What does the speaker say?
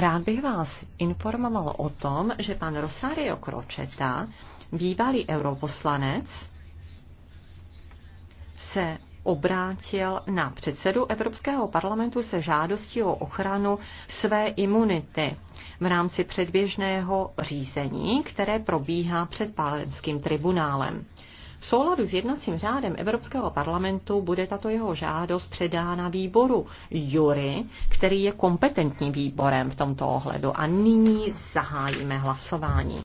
Rád bych vás informoval o tom, že pan Rosario Kročeta, bývalý europoslanec, se obrátil na předsedu Evropského parlamentu se žádostí o ochranu své imunity v rámci předběžného řízení, které probíhá před pálenským tribunálem. V souladu s jednacím řádem Evropského parlamentu bude tato jeho žádost předána výboru jury, který je kompetentním výborem v tomto ohledu. A nyní zahájíme hlasování.